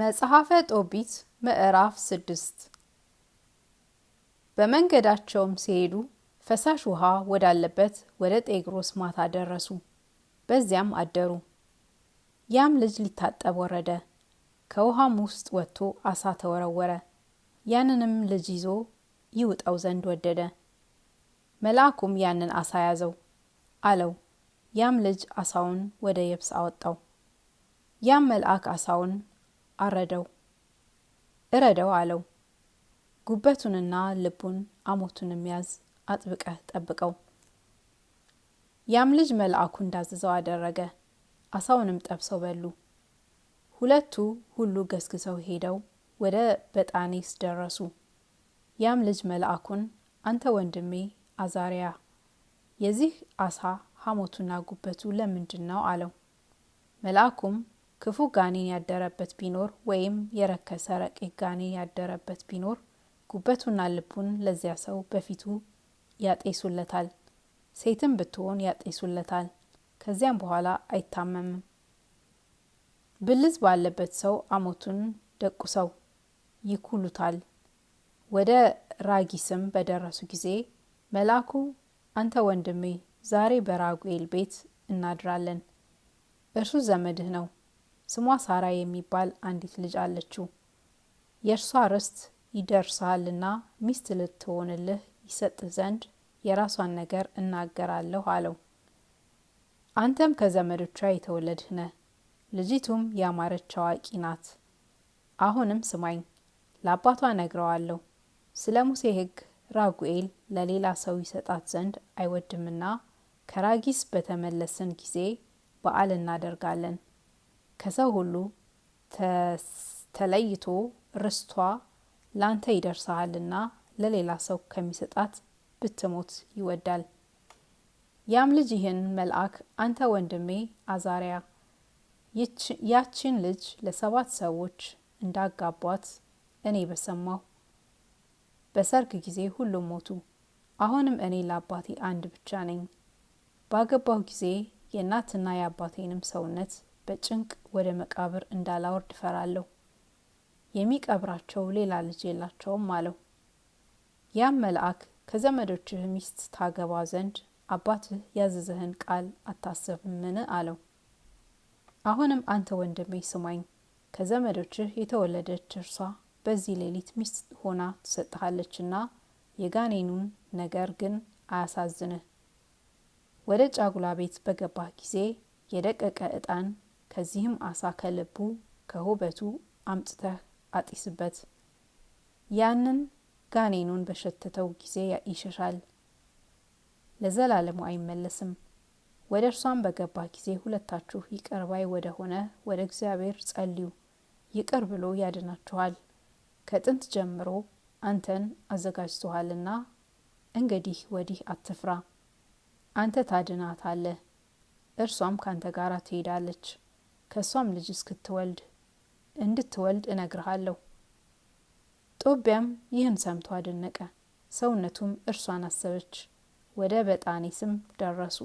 መጽሐፈ ጦቢት ምዕራፍ ስድስት በመንገዳቸውም ሲሄዱ ፈሳሽ ውሃ ወዳለበት ወደ ጤግሮስ ማታ ደረሱ። በዚያም አደሩ። ያም ልጅ ሊታጠብ ወረደ። ከውሃም ውስጥ ወጥቶ አሳ ተወረወረ። ያንንም ልጅ ይዞ ይውጠው ዘንድ ወደደ። መልአኩም ያንን አሳ ያዘው አለው። ያም ልጅ አሳውን ወደ የብስ አወጣው። ያም መልአክ አሳውን አረደው እረደው አለው። ጉበቱንና ልቡን አሞቱንም ያዝ፣ አጥብቀ ጠብቀው። ያም ልጅ መልአኩ እንዳዘዘው አደረገ። አሳውንም ጠብሰው በሉ። ሁለቱ ሁሉ ገስግሰው ሄደው ወደ በጣኔስ ደረሱ። ያም ልጅ መልአኩን አንተ ወንድሜ አዛሪያ የዚህ አሳ ሐሞቱና ጉበቱ ለምንድን ነው? አለው። መልአኩም ክፉ ጋኔን ያደረበት ቢኖር ወይም የረከሰ ረቂቅ ጋኔን ያደረበት ቢኖር ጉበቱና ልቡን ለዚያ ሰው በፊቱ ያጤሱለታል። ሴትም ብትሆን ያጤሱለታል። ከዚያም በኋላ አይታመምም። ብልዝ ባለበት ሰው አሞቱን ደቁሰው ይኩሉታል። ወደ ራጊስም በደረሱ ጊዜ መልአኩ አንተ ወንድሜ ዛሬ በራጉኤል ቤት እናድራለን፣ እርሱ ዘመድህ ነው ስሟ ሳራ የሚባል አንዲት ልጅ አለችው። የእርሷ ርስት ይደርሳልና ሚስት ልትሆንልህ ይሰጥህ ዘንድ የራሷን ነገር እናገራለሁ አለው። አንተም ከዘመዶቿ የተወለድህ ነህ፣ ልጅቱም ያማረች አዋቂ ናት። አሁንም ስማኝ፣ ለአባቷ ነግረዋለሁ። ስለ ሙሴ ሕግ ራጉኤል ለሌላ ሰው ይሰጣት ዘንድ አይወድምና ከራጊስ በተመለስን ጊዜ በዓል እናደርጋለን። ከሰው ሁሉ ተለይቶ ርስቷ ላንተ ይደርሰሃልና ለሌላ ሰው ከሚሰጣት ብትሞት ይወዳል። ያም ልጅ ይህን መልአክ አንተ ወንድሜ አዛሪያ ያችን ልጅ ለሰባት ሰዎች እንዳጋቧት እኔ በሰማሁ በሰርግ ጊዜ ሁሉም ሞቱ። አሁንም እኔ ለአባቴ አንድ ብቻ ነኝ። ባገባሁ ጊዜ የእናትና የአባቴንም ሰውነት በጭንቅ ወደ መቃብር እንዳላወርድ ፈራለሁ። የሚቀብራቸው ሌላ ልጅ የላቸውም አለው። ያም መልአክ ከዘመዶችህ ሚስት ታገባ ዘንድ አባትህ ያዘዘህን ቃል አታስብምን? አለው። አሁንም አንተ ወንድሜ ስማኝ፣ ከዘመዶችህ የተወለደች እርሷ በዚህ ሌሊት ሚስት ሆና ትሰጥሃለችና የጋኔኑን ነገር ግን አያሳዝንህ። ወደ ጫጉላ ቤት በገባህ ጊዜ የደቀቀ ዕጣን ከዚህም አሳ ከልቡ ከውበቱ አምጥተህ አጢስበት። ያንን ጋኔኑን በሸተተው ጊዜ ይሸሻል፣ ለዘላለሙ አይመለስም። ወደ እርሷም በገባ ጊዜ ሁለታችሁ ይቅር ባይ ወደ ሆነ ወደ እግዚአብሔር ጸልዩ፣ ይቅር ብሎ ያድናችኋል። ከጥንት ጀምሮ አንተን አዘጋጅቶሃልና እንግዲህ ወዲህ አትፍራ፣ አንተ ታድናታለህ፣ እርሷም ካንተ ጋር ትሄዳለች። ከእሷም ልጅ እስክትወልድ እንድትወልድ እነግርሃለሁ። ጦቢያም ይህን ሰምቶ አደነቀ። ሰውነቱም እርሷን አሰበች። ወደ በጣኔስም ደረሱ።